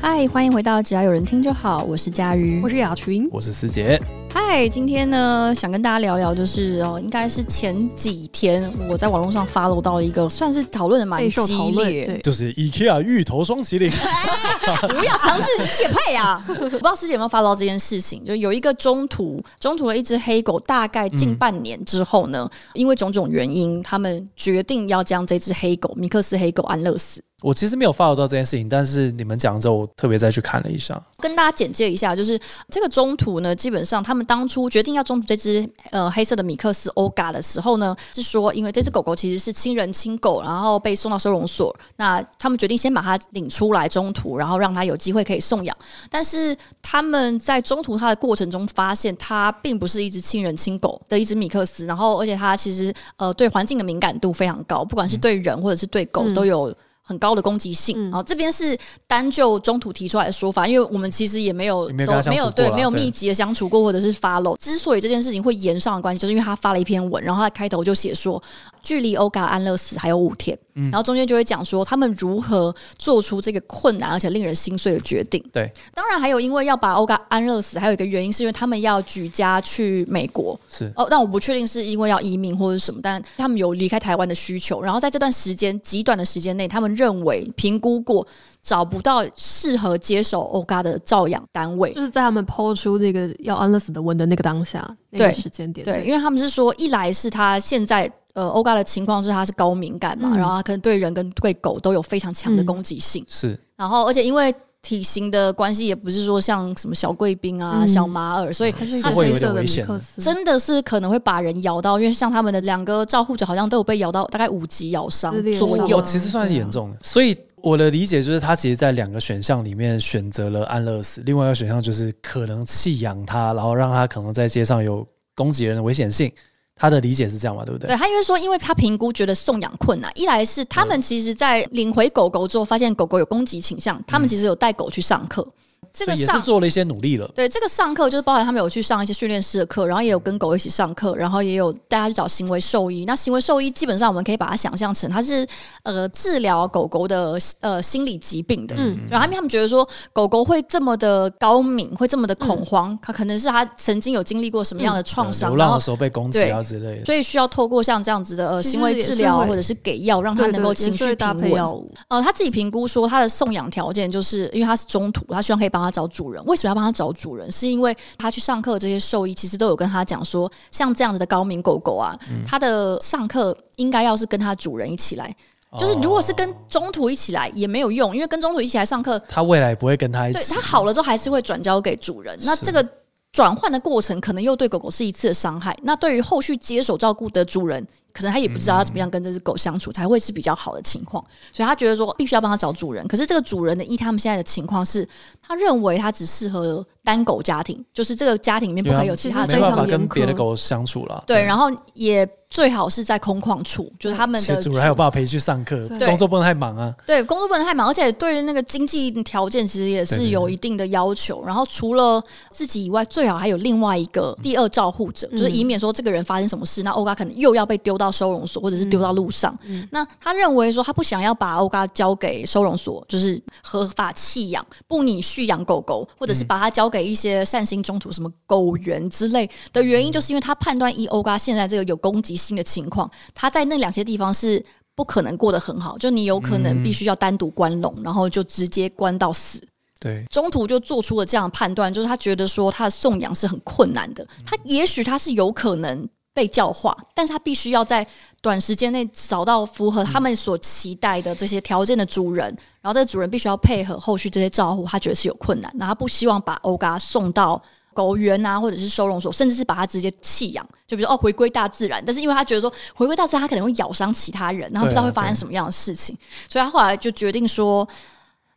嗨，Hi, 歡迎回到只要有人聽就好。我是家瑜，我是雅群，我是思傑。嗨，今天呢，想跟大家聊聊，就是哦，應該是前幾天我在網絡上 follow 到了一個，算是討論的蠻激烈，就是 IKEA 芋頭雙麒麟， 不要嘗、啊、試 你也配啊！ 我不知道思傑有沒有 follow 這件事情，就有一個中途中途的一隻黑狗，大概近半年之後呢，嗯、因為種種原因，他們決定要將這隻黑狗米克斯黑狗安樂死。我其實沒有 follow 到這件事情，但是你們講之後，我特別再去看了一下。跟大家簡介一下，就是這個中途呢，基本上他們當初決定要中途這只呃黑色的米克斯歐嘎的時候呢，是說因為這只狗狗其實是親人親狗，然後被送到收容所。那他們決定先把它領出來中途，然後讓它有機會可以送養。但是他們在中途它的過程中發現，它並不是一只親人親狗的一只米克斯，然後而且它其實呃對環境的敏感度非常高，不管是對人或者是對狗，嗯，都有。很高的攻擊性啊！嗯、這邊是單就中途提出來的說法，因為我們其實也沒有都沒，沒有對沒有密集的相處過，或者是 follow。之所以這件事情會延上的關係，就是因為他發了一篇文，然後他開頭就寫說。距離歐嘎安樂死還有五天，然後中間就會講說他們如何做出這個困難而且令人心碎的決定。對，當然還有因為要把歐嘎安樂死，還有一個原因是因為他們要舉家去美國。是哦，但我不確定是因為要移民或者什麼，但他們有離開台灣的需求。然後在這段時間極短的時間內，他們認為評估過找不到適合接手歐嘎的照養單位，就是在他們拋出那個要安樂死的文的那個當下，那個時間點，對對。對，因為他們是說，一來是他現在。呃，歐嘎的情況是他是高敏感嘛，嗯、然後他可能對人跟對狗都有非常強的攻擊性。嗯、是，然後而且因為體型的關係，也不是說像什麼小貴賓啊、嗯、小馬爾，所以它、嗯、是一個危險，危險的真的是可能會把人咬到。因為像他們的兩個照顧者好像都有被咬到，大概五級咬傷左右、啊對啊哦，其實算是嚴重的。所以我的理解就是，他其實，在兩個選項裡面選擇了安樂死，另外一個選項就是可能棄養他，然後讓他可能在街上有攻擊人的危險性。他的理解是這樣嘛，對不對？對，他因為說，因為他評估覺得送養困難，一來是他們其實，在領回狗狗之後，發現狗狗有攻擊傾向，他們其實有帶狗去上課。嗯這個也是做了一些努力了。對，這個上課就是包含他們有去上一些訓練師的課，然後也有跟狗一起上課，然後也有帶他去找行為獸醫。那行為獸醫基本上我們可以把它想象成，它是呃治療狗狗的呃心理疾病的。嗯，然後他們覺得說狗狗會這麼的高敏，會這麼的恐慌，它可能是它曾經有經歷過什麼樣的創傷，流浪的時候被攻擊啊之類的，所以需要透過像這樣子的呃行為治療或者是給藥，讓它能夠情緒搭配藥物。呃，他自己評估說他的送養條件就是因為他是中途，他希望可以幫他。找主人。為什麼要幫他找主人？是因為他去上課，這些獸醫其實都有跟他講說，像這樣子的高敏狗狗啊，嗯、他的上課應該要是跟他主人一起來，哦、就是如果是跟中途一起來也沒有用，因為跟中途一起來上課，他未來不會跟他一起。對，他好了之後還是會轉交給主人，是嗎？那這個轉換的過程可能又對狗狗是一次的傷害。那對於後續接手照顧的主人。可能他也不知道要怎麼樣跟這隻狗相處，才會是比較好的情況，所以他覺得說必須要幫他找主人。可是這個主人的依他們現在的情況是，他認為他只適合單狗家庭，就是這個家庭裡面不可以有其他的，沒辦法跟別的狗相處了。對，然後也最好是在空曠處，就是他們的主人還有辦法陪去上課，工作不能太忙啊。對，工作不能太忙，而且對於那個經濟條件其實也是有一定的要求。然後除了自己以外，最好還有另外一個第二照護者，就是以免說這個人發生什麼事，那歐嘎可能又要被丟到收容所，或者是丟到路上。嗯嗯，那他認為說，他不想要把歐嘎交給收容所，就是合法棄養，不擬續養狗狗，或者是把它交給一些善心中途什麼狗園之類的原因，就是因為他判斷以歐嘎現在這個有攻擊性的情況，他在那兩些地方是不可能過得很好，就你有可能必須要單獨關籠，嗯、然後就直接關到死。對，中途就做出了這樣的判斷，就是他覺得說他的送養是很困難的，他也許他是有可能。被教化，但是他必須要在短時間內找到符合他們所期待的這些條件的主人，嗯、然後這個主人必須要配合後續這些照顧，他覺得是有困難，然後他不希望把歐嘎送到狗園啊，或者是收容所，甚至是把他直接棄養，就比如說哦回歸大自然，但是因為他覺得說回歸大自然，他可能會咬傷其他人，然後不知道會發生什麼樣的事情，啊、所以他後來就決定說，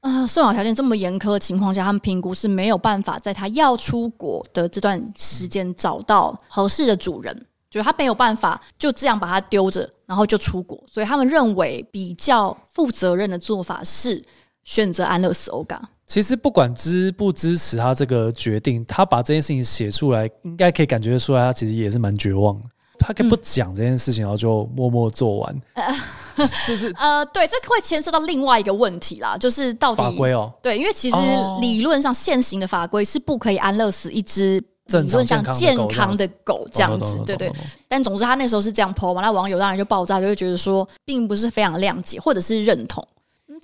呃，送養條件這麼嚴苛的情況下，他們評估是沒有辦法在他要出國的這段時間找到合適的主人。就他沒有辦法就這樣把它丟着，然後就出國，所以他們認為比較負責任的做法是選擇安樂死歐嘎。其實不管支不支持他這個決定，他把這件事情寫出來，應該可以感覺出來，他其實也是蠻絕望的。他可以不講這件事情，嗯、然後就默默做完。呃，是不是，對，這個、會牽涉到另外一個問題啦，就是到底法規哦。對，因為其實理論上現行的法規是不可以安樂死一隻。理論上健康的狗這樣子，對對，但總之他那時候是這樣 po 嘛，那網友當然就爆炸，就會覺得說，並不是非常諒解，或者是認同。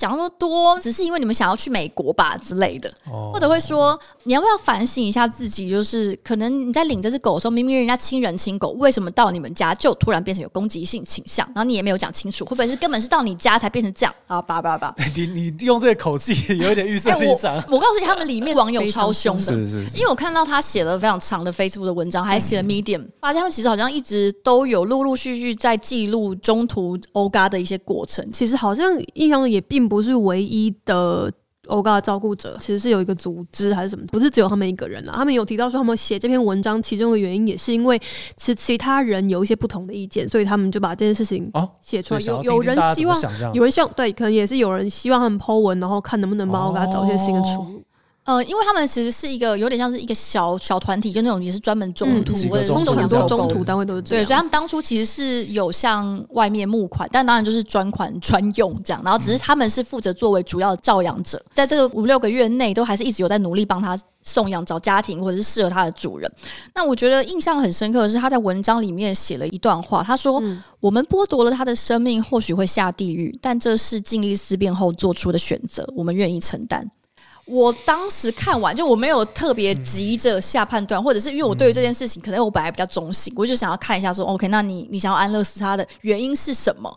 講那麼多，只是因為你們想要去美國吧之類的，oh. 或者會說你要不要反省一下自己？就是可能你在領這隻狗的時候，明明人家親人親狗，為什麼到你們家就突然變成有攻擊性傾向？然後你也沒有講清楚，會不會是根本是到你家才變成這樣？啊，叭叭叭！你你用這個口氣有一點預設立場。我告訴你，他們裡面網友超凶的，是是，是，是？因為我看到他寫了非常長的 Facebook 的文章，還寫了 Medium、嗯、發現他們其實好像一直都有陸陸續續在記錄中途歐嘎的一些過程。其實好像印象也並。不是唯一的歐嘎照顧者，其實是有一個組織還是什麼？不是只有他們一個人了。他們有提到說，他們寫這篇文章其中的原因，也是因為其其他人有一些不同的意見，所以他們就把這件事情寫出來。哦、叮叮有有人希望，有人希望，對，可能也是有人希望他們 PO 文，然後看能不能幫歐嘎找一些新的出路。哦呃，因為他們其實是一個有點像是一個小小團體，就那種也是專門中途、嗯、或者中途中途單位都是對，所以他們當初其實是有向外面募款，但當然就是專款專用這樣。然後只是他們是負責作為主要的照養者，嗯、在這個五六個月內都還是一直有在努力幫他送養找家庭或者是適合他的主人。那我覺得印象很深刻的是他在文章裡面寫了一段話，他說、嗯：“我們剝奪了他的生命，或許會下地獄，但這是盡力思辨後做出的選擇，我們願意承擔。”我當時看完，就我沒有特別急着下判斷，嗯、或者是因為我對於這件事情，嗯、可能我本來比較中性，我就想要看一下說，說 OK，那你你想要安樂死他的原因是什麼？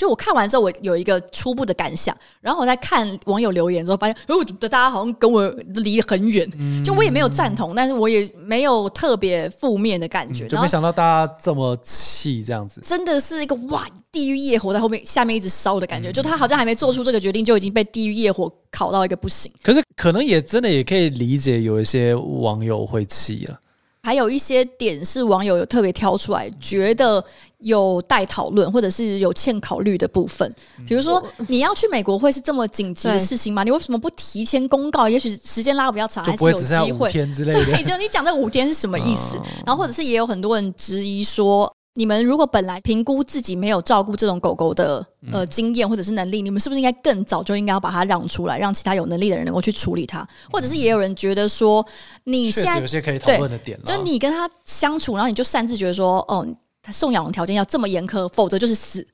就我看完之後，我有一個初步的感想，然後我在看網友留言之後，發現哎、呃，大家好像跟我離很遠，就我也沒有贊同，但是我也沒有特別負面的感覺。嗯、後就沒想到大家這麼氣，這樣子，真的是一個哇，地獄業火在後面下面一直燒的感覺。嗯、就他好像還沒做出這個決定，就已經被地獄業火烤到一個不行。可是可能也真的也可以理解，有一些網友會氣了。還有一些點是網友有特別挑出來，覺得有待討論，或者是有欠考慮的部分。比如說，你要去美國會是這麼緊急的事情嗎？你為什麼不提前公告？也許時間拉得比較長，還是有機會。對，你講你講這五天是什麼意思？然後，或者是也有很多人質疑說，你們如果本來評估自己沒有照顧這種狗狗的呃經驗或者是能力，嗯、你們是不是應該更早就應該要把它讓出來，讓其他有能力的人能夠去處理它？嗯、或者是也有人覺得說，你現在有些可以討論的點，對，就你跟他相處，然後你就擅自覺得說，哦，他送養的條件要這麼嚴苛，否則就是死。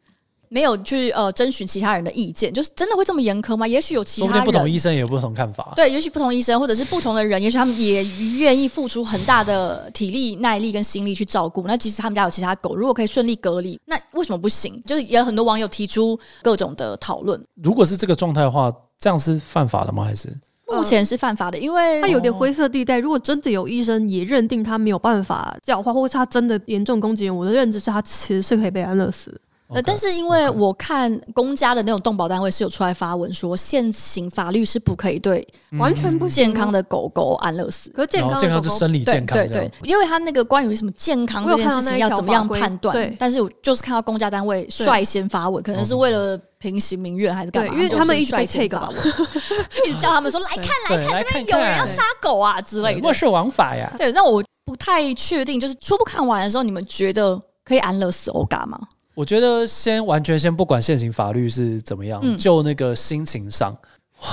沒有去呃，徵詢其他人的意見，就是真的會這麼嚴苛嗎？也許有其他人，中間不同醫生也有不同看法，對，也許不同醫生或者是不同的人，也許他們也願意付出很大的體力、耐力跟心力去照顧。那其實他們家有其他狗，如果可以順利隔離，那為什麼不行？就是也有很多網友提出各種的討論。如果是這個狀態的話，這樣是犯法的嗎？還是、呃、目前是犯法的，因為它有點灰色地帶。哦、如果真的有醫生也認定他沒有辦法這樣的話，或者他真的嚴重攻擊人，我的認知是他其實是可以被安樂死。呃，但是因為我看公家的那種動保單位是有出來發文說，現行法律是不可以對完全不健康的狗狗安樂死，嗯。可是健康狗狗，是健康是生理健康。對對，對，因為他那個關於什麼健康這件事情要怎麼樣判斷？對，但是我就是看到公家單位率先發文，對可能是為了平息民怨還是幹嘛對？因為他們一直在率先，一直叫他們說來看來看 對這邊有人要殺狗啊對之類的，不過是王法呀。對，那我不太確定，就是初步看完的時候，你們覺得可以安樂死歐嘎嗎？我覺得先完全先不管現行法律是怎麼樣，嗯、就那個心情上，哇！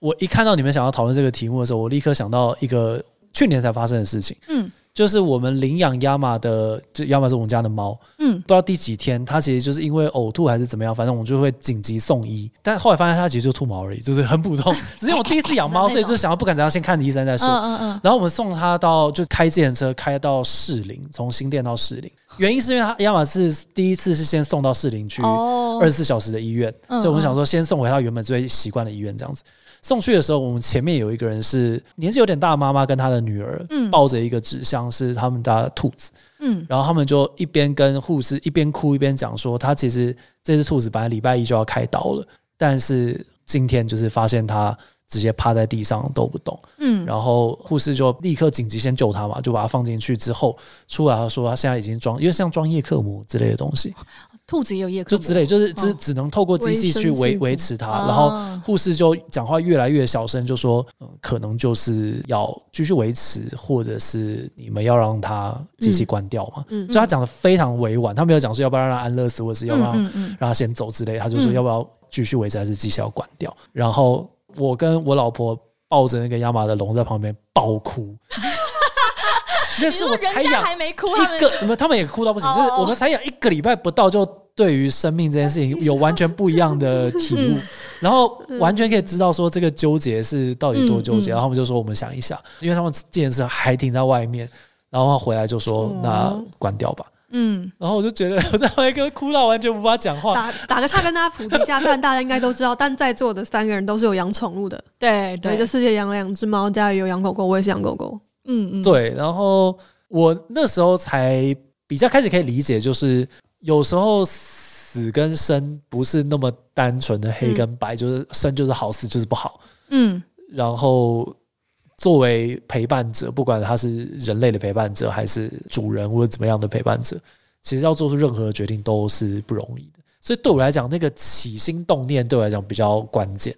我一看到你們想要討論這個題目的時候，我立刻想到一個去年才發生的事情，嗯，就是我們領養亞馬的，就亞馬是我們家的貓，嗯，不知道第幾天，它其實就是因為嘔吐還是怎麼樣，反正我們就會緊急送醫，但後來發現它其實就吐毛而已，就是很普通。只是我第一次養貓，所以就想要不管怎樣先看醫生再說。嗯嗯，嗯，然後我們送它到，就開自行車開到士林，從新店到士林。原因是因為他亞馬是第一次是先送到士林區二十四小時的醫院，oh, 所以我們想說先送回他原本最習慣的醫院這樣子。嗯嗯送去的時候，我們前面有一個人是年紀有點大媽媽跟她的女兒，抱着一個紙箱是他們家的兔子，嗯、然後他們就一邊跟護士一邊哭一邊講說，他其實這只兔子本來禮拜一就要開刀了，但是今天就是發現他。直接趴在地上都不動，嗯，然後護士就立刻緊急先救他嘛，就把他放進去之後出來，他說他現在已經裝，因為像裝葉克膜之類的東西、啊，兔子也有葉克膜之類，就是、哦、只只能透過機器去維維持他。啊、然後護士就講話越來越小聲，就說、嗯、可能就是要繼續維持，或者是你們要讓他機器關掉嘛。嗯，所、嗯、以他講得非常委婉，他沒有講說要不要讓他安樂死，或是要不要讓他先走之類，嗯嗯嗯他就說要不要繼續維持還是機器要關掉，然後。我跟我老婆抱着那個亞馬的龍在旁邊爆哭，那 是我跟才養還沒哭，沒哭一個，他們也哭到不行。哦、就是我們才養一個禮拜不到，就對於生命這件事情有完全不一樣的體悟， 嗯、然後完全可以知道說這個糾結是到底多糾結。嗯、然後我們就說我們想一想，嗯、因為他們這件事還停在外面，然後他回來就說、哦、那關掉吧。嗯，然後我就覺得我在外面跟哭到完全無法講話打，打打個岔跟他 大家普及一下，雖然大家應該都知道，但在座的三個人都是有養寵物的，對對，對就思傑養了兩隻貓，家裡有養狗狗，我也是養狗狗，嗯嗯，嗯對，然後我那時候才比較開始可以理解，就是有時候死跟生不是那麼單純的黑跟白，嗯、就是生就是好，死就是不好，嗯，然後。作為陪伴者，不管他是人類的陪伴者，還是主人或者怎麼樣的陪伴者，其實要做出任何的決定都是不容易的。所以對我來講，那個起心動念對我來講比較關鍵。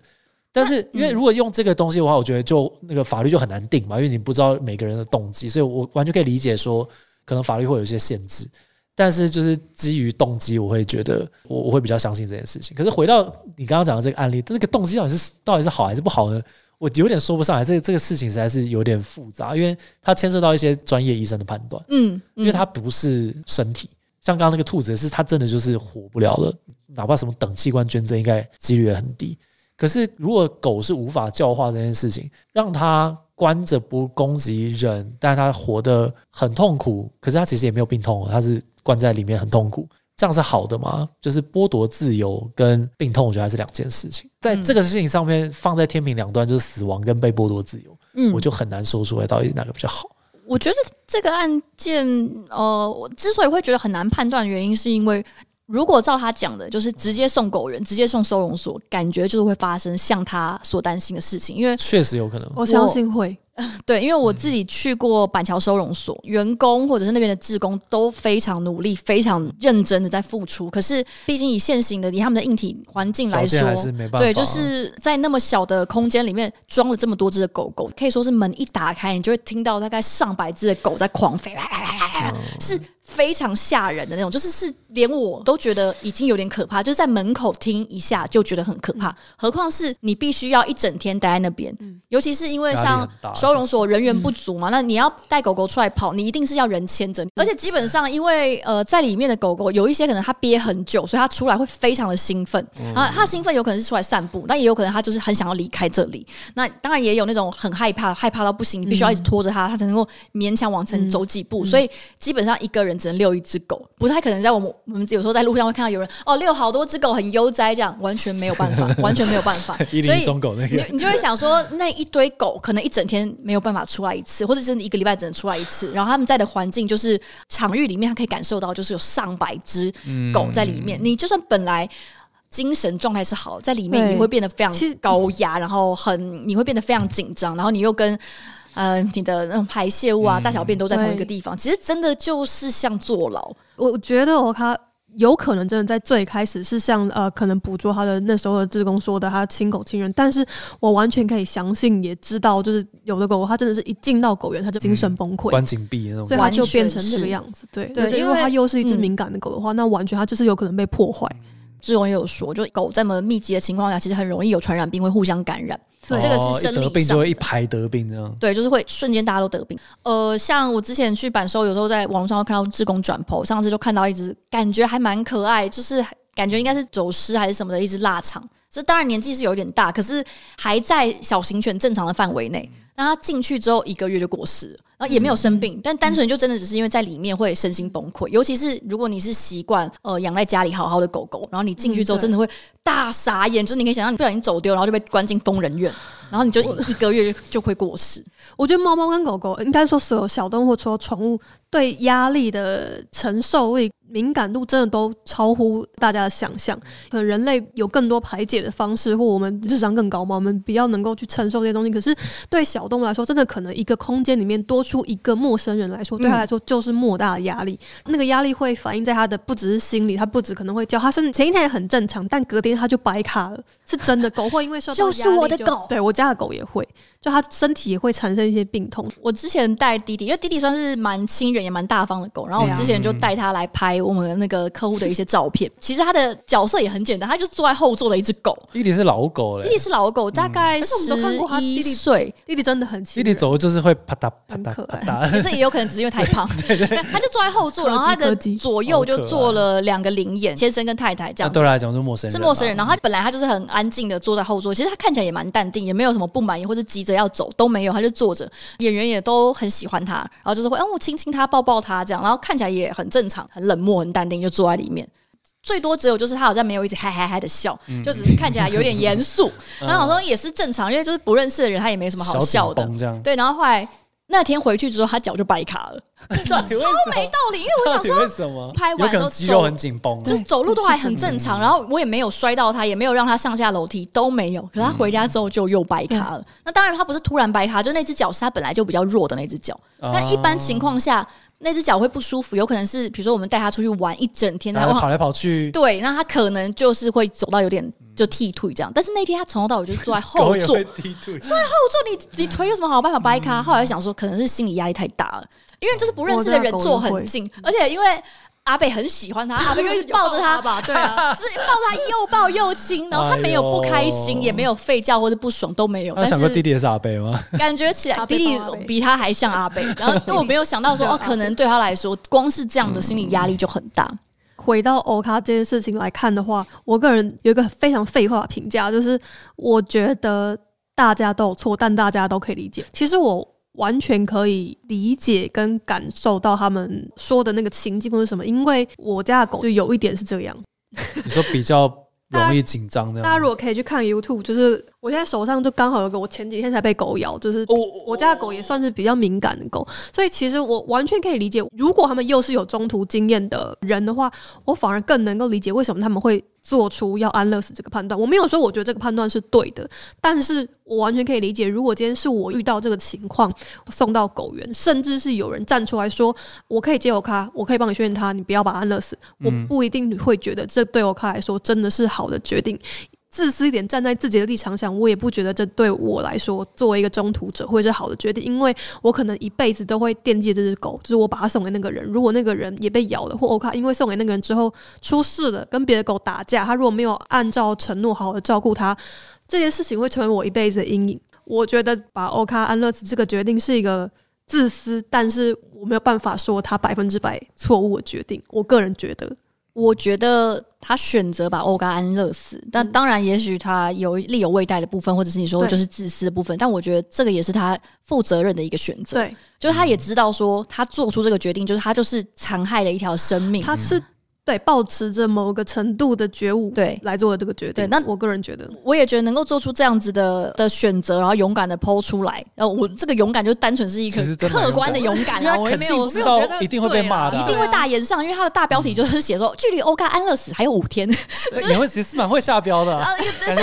但是，因為如果用這個東西的話，我覺得就那個法律就很難定嘛，因為你不知道每個人的動機。所以我完全可以理解說，可能法律會有一些限制。但是，就是基於動機，我會覺得我我會比較相信這件事情。可是，回到你剛剛講的這個案例，那個動機到底是到底是好還是不好呢？我有點說不上來，這個、這個事情實在是有點複雜，因為它牽涉到一些專業醫生的判斷。嗯，嗯。因為它不是身體，像剛剛那個兔子的是，是它真的就是活不了了，哪怕什麼等器官捐贈，應該幾率也很低。可是如果狗是無法教化這件事情，讓它關着不攻擊人，但它活得很痛苦，可是它其實也沒有病痛，它是關在裡面很痛苦。這樣是好的嗎？就是剝奪自由跟病痛，我覺得還是兩件事情。在這個事情上面，嗯、放在天平兩端就是死亡跟被剝奪自由，嗯，我就很難說出來到底哪個比較好。我覺得這個案件，呃，我之所以會覺得很難判斷的原因，是因為如果照他講的，就是直接送狗園，直接送收容所，感覺就是會發生像他所擔心的事情，因為確實有可能，我相信會。對，因為我自己去過板橋收容所，嗯、員工或者是那邊的志工都非常努力、非常認真的在付出。可是，畢竟以現行的以他們的硬體環境來說，對，就是在那麼小的空間裡面裝了這麼多只的狗狗，可以說是門一打開，你就會聽到大概上百只的狗在狂吠，嗯、是。非常嚇人的那種，就是是連我都覺得已經有點可怕，就是在門口聽一下就覺得很可怕，嗯、何況是你必須要一整天待在那邊。嗯、尤其是因為像收容所人員不足嘛，嗯、那你要帶狗狗出來跑，你一定是要人牽着。而且基本上，因為呃，在裡面的狗狗有一些可能它憋很久，所以它出來會非常的興奮。嗯、啊，它興奮有可能是出來散步，那也有可能它就是很想要離開這裡。那當然也有那種很害怕，害怕到不行，你必須要一直拖着它，它才能夠勉強往前走幾步。嗯、所以基本上一個人。只能遛一隻狗，不太可能。在我們我們有時候在路上會看到有人哦，遛好多隻狗，很悠哉，這樣完全沒有辦法，完全沒有辦法。 100 00 所以，中狗那個你，你就會想說，那一堆狗可能一整天沒有辦法出來一次， 或者是一個禮拜只能出來一次。然後他們在的環境就是場域裡面，他可以感受到就是有上百隻狗在裡面。嗯、你就算本來精神狀態是好，在裡面你會變得非常高壓，然後很你會變得非常緊張，嗯、然後你又跟。呃，你的那種排泄物啊，大小便都在同一個地方，嗯、其實真的就是像坐牢。我覺得哦，他有可能真的在最開始是像呃，可能捕捉他的那時候的志工說的，他親狗親人，但是我完全可以相信，也知道就是有的狗，它真的是一進到狗園，它就精神崩潰、嗯，關緊閉那種，所以它就變成那個樣子。對，對，因為它又是一隻敏感的狗的話，嗯、那完全它就是有可能被破壞。嗯志工也有說，就狗這麼密集的情況下，其實很容易有傳染病會互相感染。對、哦，這個是生理上的。一得病就會一排得病這樣。對，就是會瞬間大家都得病。呃，像我之前去版書，有時候在網路上看到志工轉剖，上次就看到一只感覺還蠻可愛，就是感覺應該是走失還是什麼的一只臘腸。這當然年紀是有點大，可是還在小型犬正常的範圍內。嗯、然後他進去之後一個月就過世，然後也沒有生病，嗯、但單純就真的只是因為在裡面會身心崩潰。嗯、尤其是如果你是習慣呃養在家裡好好的狗狗，然後你進去之後真的會大傻眼，嗯、就是你可以想象你不小心走丟，然後就被關進瘋人院，然後你就一個月就，我就會過世。我覺得貓貓跟狗狗，應該說所有小動物，所有寵物對壓力的承受力。敏感度真的都超乎大家的想象可能人類有更多排解的方式，或我們智商更高嘛，我們比較能夠去承受這些東西。可是對小動物來說，真的可能一個空間裡面多出一個陌生人來說，對他來說就是莫大的壓力。那個壓力會反映在他的不只是心裡，他不止可能會叫。他前一天也很正常，但隔天他就白卡了，是真的。狗會因為受到，就是我的狗，對，我家的狗也會，就他身體也會產生一些病痛。我之前帶弟弟，因為弟弟算是蠻親人也蠻大方的狗，然後我之前就帶他來拍。我們那個客戶的一些照片，其實他的角色也很簡單，他就是坐在後座的一隻狗。弟弟是老狗，欸、弟弟是老狗，大概是十一歲、嗯、我們都看過他。弟弟睡，歲弟，弟真的很親人，弟弟走路就是會啪嗒啪嗒可愛，可是打也有可能只是因為太胖。他就坐在後座，然後他的左右就坐了兩個臨演先生跟太太，這樣、啊、對他來講是陌生人，是陌生人。然後他本來他就是很安靜的坐在後座，其實他看起來也蠻淡定，也沒有什麼不滿意或者急着要走都沒有，他就坐着。演員也都很喜歡他，然後就是會哦，親、嗯、親他，抱抱他這樣，然後看起來也很正常，很冷漠。我很淡定，就坐在裡面，最多只有就是他好像沒有一直嗨嗨嗨的笑，就只是看起來有點嚴肅。然後我說也是正常，因為就是不認識的人，他也沒什麼好笑的。對，然後後來那天回去之後，他腳就掰卡了，超沒道理。因為我想說，拍完之後肌肉很緊繃，就是走路都還很正常。然後我也沒有摔到他，也沒有讓他上下樓梯，都沒有。可他回家之後就又掰卡了。那當然他不是突然掰卡，就那隻腳是他本來就比較弱的那隻腳。但一般情況下。那隻腳會不舒服，有可能是比如說我們帶他出去玩一整天，他會、啊、跑來跑去，對，那他可能就是會走到有點就踢腿這樣。嗯、但是那天他從頭到尾就是坐在後座，坐在後座，你你腿有什麼好辦法掰咖？嗯、後來想說可能是心理壓力太大了，因為就是不認識的人坐很近，啊、而且因為。阿貝很喜歡他，嗯、阿貝就是抱着他，他吧，對啊， 抱他又抱又親，然後他沒有不開心， 也沒有吠叫或者不爽都沒有。他想說弟弟是阿貝嗎？感覺起來弟弟比他還像阿貝，阿阿然後就我沒有想到說，哦、 啊，可能對他來說，光是這樣的心理壓力就很大。嗯、回到歐嘎這件事情來看的話，我個人有一個非常廢話的評價，就是我覺得大家都有錯，但大家都可以理解。其實我。完全可以理解跟感受到他們說的那個情境或是什麼，因為我家的狗就有一點是這樣。你說比較容易緊張的。大家如果可以去看 YouTube，就是我現在手上就剛好有個我前幾天才被狗咬，就是我我家的狗也算是比較敏感的狗，所以其實我完全可以理解，如果他們又是有中途經驗的人的話，我反而更能夠理解為什麼他們會做出要安樂死這個判斷，我沒有說我覺得這個判斷是對的，但是我完全可以理解，如果今天是我遇到這個情況，我送到狗園，甚至是有人站出來說，我可以接歐嘎，我可以幫你訓練他，你不要把他安樂死，嗯、我不一定會覺得這對歐嘎來說真的是好的決定。自私一點，站在自己的立場想，我也不覺得這對我來說，作為一個中途者，會是好的決定。因為我可能一輩子都會惦記這隻狗，就是我把它送給那個人。如果那個人也被咬了，或歐嘎，因為送給那個人之後出事了，跟別的狗打架，他如果沒有按照承諾好好的照顧它，這件事情會成為我一輩子的陰影。我覺得把歐嘎安樂死這個決定是一個自私，但是我沒有辦法說他百分之百錯誤的決定。我個人覺得。我覺得他選擇把歐嘎安樂死，但當然，也許他有力有未逮的部分，或者是你說就是自私的部分。對但我覺得這個也是他負責任的一個選擇，對就是他也知道說他做出這個決定，就是他就是殘害了一條生命。嗯，他是。對，保持着某個程度的覺悟，對，來做這個決定。對，那我個人覺得，我也覺得能夠做出這樣子的的選擇，然後勇敢的拋出來。呃，我這個勇敢就單純是一個客觀的勇敢，我也沒有知道一定會被罵的，一定會大言上。因為他的大標題就是寫說，距離歐嘎安樂死還有五天，也會其實是蠻會下標的啊？對，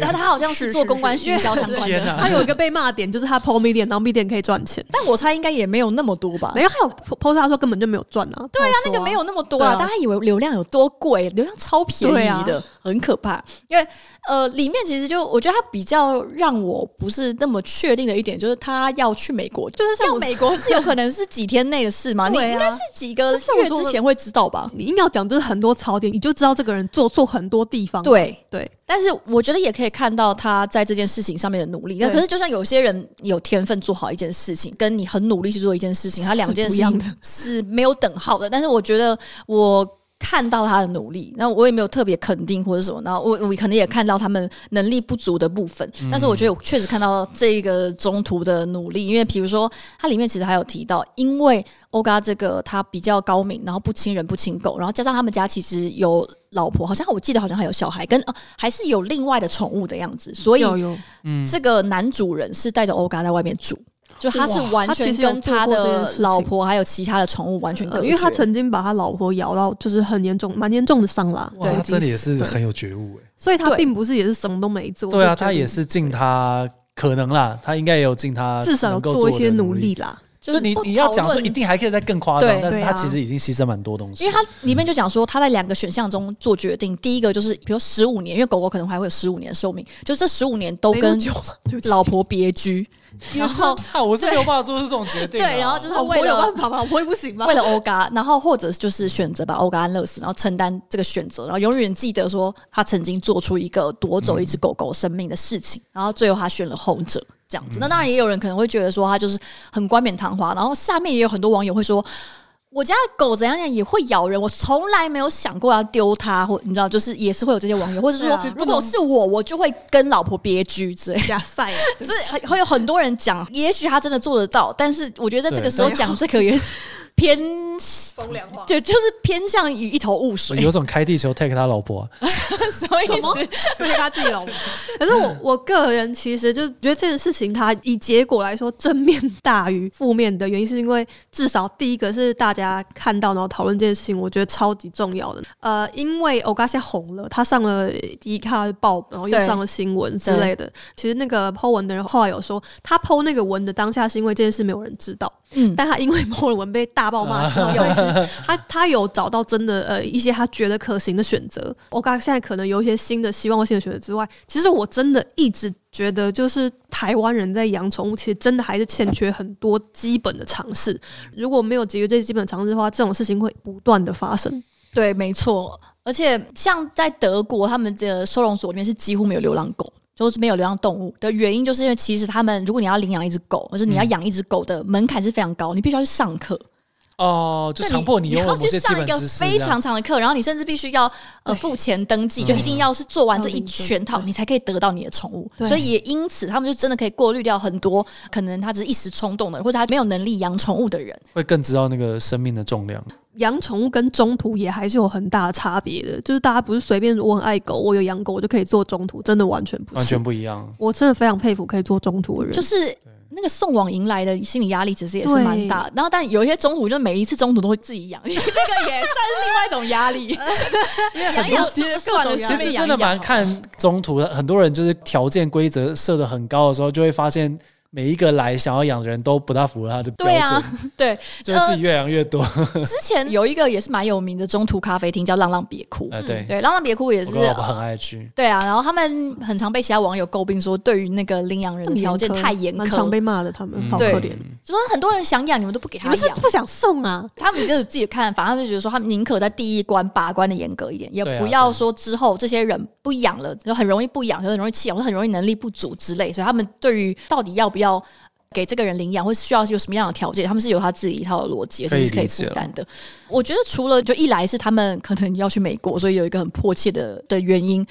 他他好像是做公關、營銷相關的。他有一個被罵點，就是他拋 Medium、Medium 可以賺錢，但我猜應該也沒有那麼多吧？沒有，還有拋他說根本就沒有賺啊！對呀，那個沒有那麼多啊，他以為流量有多貴？流量超便宜的，啊、很可怕。因為呃，裡面其實就我覺得他比較讓我不是那麼確定的一點，就是他要去美國，就是像美國是有可能是幾天內的事嘛？ 對啊、你應該是幾個月之前會知道吧？你硬要講，就是很多槽點，你就知道這個人做錯很多地方對。對對。但是我覺得也可以看到他在這件事情上面的努力。那可是就像有些人有天分做好一件事情，跟你很努力去做一件事情，他兩件事情是沒有等號的。但是我覺得我看到他的努力，那我也沒有特別肯定或者什麼。然後我我可能也看到他們能力不足的部分，嗯、但是我覺得我確實看到這個中途的努力。因為譬如說，它裡面其實還有提到，因為歐嘎，這個他比較高敏，然後不親人不親狗，然後加上他們家其實有老婆，好像我記得好像還有小孩，跟啊還是有另外的寵物的樣子。所以，有有嗯，這個男主人是帶着歐嘎在外面住。就他是完全跟他的老婆還有其他的寵物完全，因為他曾經把他老婆咬到就是很嚴重，蠻嚴重的傷啦。他這真的是很有覺悟誒，欸，所以，他並不是也是什麼都沒做。對，對啊，他也是盡他可能啦，他應該也有盡他，至少有做一些努力啦。就你你要講說一定還可以再更誇張，但是他其實已經犧牲蠻多東西。因為他裡面就講說他在兩個選項中做決定，第一個就是比如十五年，因為狗狗可能還會有十五年的壽命，就這十五年都跟老婆別居。然後，是我是沒有辦法做出這種決定對。對，然後就是為了、哦、我有辦法嗎？我不會不行嗎？為了歐嘎，然後或者就是選擇把歐嘎安樂死，然後承擔這個選擇，然後永遠記得說他曾經做出一個奪走一只狗狗生命的事情，嗯、然後最後他選了後者這樣子。嗯、那當然也有人可能會覺得說他就是很冠冕堂皇，然後下面也有很多網友會說。我家狗怎樣怎樣也會咬人，我從來沒有想過要丟它，或你知道，就是也是會有這些網友，或者說，啊、如果是我，這種 我就會跟老婆別居之類。呀就是 會有很多人講，也許他真的做得到，但是我覺得在這個時候講這個也。 偏，風涼話，對，就是偏向於一頭霧水，有種開地球 take 他老婆，所以是什麼意思？ 對他自己老婆？ 可是我我個人其實就覺得這件事情，它，以結果來說，正面大於負面的原因，是因為至少第一個是大家看到然後討論這件事情，我覺得超級重要的。呃，因為歐嘎希紅了，他上了 Dcard 爆，然後又上了新聞之類的。其實那個 Po 文的人後來有說，他 Po 那個文的當下是因為這件事沒有人知道。但他因為莫文，被大爆罵之後，嗯、對他 他，他有找到真的呃一些他覺得可行的選擇。歐嘎現在可能有一些新的希望和新的選擇之外，其實我真的一直覺得，就是台灣人在養寵物，其實真的還是欠缺很多基本的常識。如果沒有解決這些基本常識的話，這種事情會不斷的發生。嗯、對，沒錯。而且像在德國，他們的收容所裡面是幾乎沒有流浪狗。都是沒有流浪動物的原因，就是因為其實他們，如果你要領養一隻狗，或者你要養一隻狗的門檻是非常高，你必須要去上課哦、嗯對呃，就強迫你，有沒有某些基本知識這樣，你要去上一個非常長的課，然後你甚至必須要呃付錢登記，對就一定要是做完這一全套，你才可以得到你的寵物。對所以也因此，他們就真的可以過濾掉很多可能他只是一時衝動的，或者他沒有能力養寵物的人，會更知道那個生命的重量。養寵物跟中途也還是有很大差別的，就是大家不是隨便。我很愛狗，我有養狗，我就可以做中途，真的完全不是，完全不一樣。我真的非常佩服可以做中途的人，就是那個送往迎來的心理壓力，其實也是蠻大的。對然後，但有一些中途，就每一次中途都會自己養，對 那個也算是另外一種壓力。 因為很多其實各種壓力真的蠻看中途的，很多人就是條件規則設得很高的時候，就會發現。每一個來想要養的人都不大符合他的標準，對啊，對，呃、就自己越養越多。之前有一個也是蠻有名的中途咖啡廳，叫浪浪別哭，嗯，對，對，浪浪別哭也是，我老婆很愛去。對啊，然後他們很常被其他網友詬病說，對於那個領養人的條件太嚴苛，常被罵的他們，好可憐對。嗯、就說很多人想養，你們都不給他養，你們是不，是不想送啊，他們就是自己看，反正就覺得說，他們寧可在第一關把關的嚴格一點，也不要說之後這些人不養了，就很容易不養，就很容易棄養，或很容易能力不足之類，所以他們對於到底要不要。要給這個人領養，或是需要有什麼樣的條件？他們是有他自己一套的邏輯，而且是可以負擔的。我覺得除了就一來是他們可能要去美國，所以有一個很迫切的的原因。